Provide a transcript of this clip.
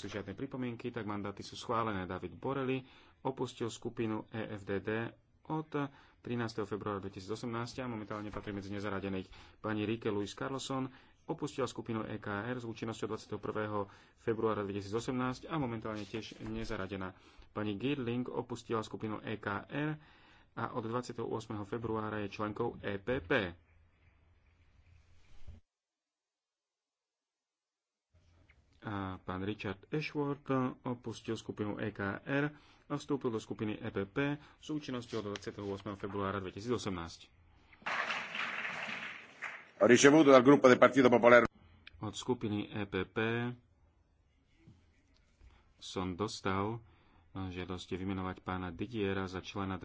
sú žiadne pripomienky, tak mandáty sú schválené. David Borelli opustil skupinu EFDD od 13. februára 2018 a momentálne patrí medzi nezaradených. Pani Rike Luis Carlson opustila skupinu EKR s účinnosťou 21. februára 2018 a momentálne tiež nezaradená. Pani Girling opustila skupinu EKR a od 28. februára je členkou EPP. a pán Richard Ashworth opustil skupinu EKR a vstúpil do skupiny EPP s účinnosťou od 28. februára 2018. Od skupiny EPP som dostal eh, žiadosti vymenovať pána Didiera za člena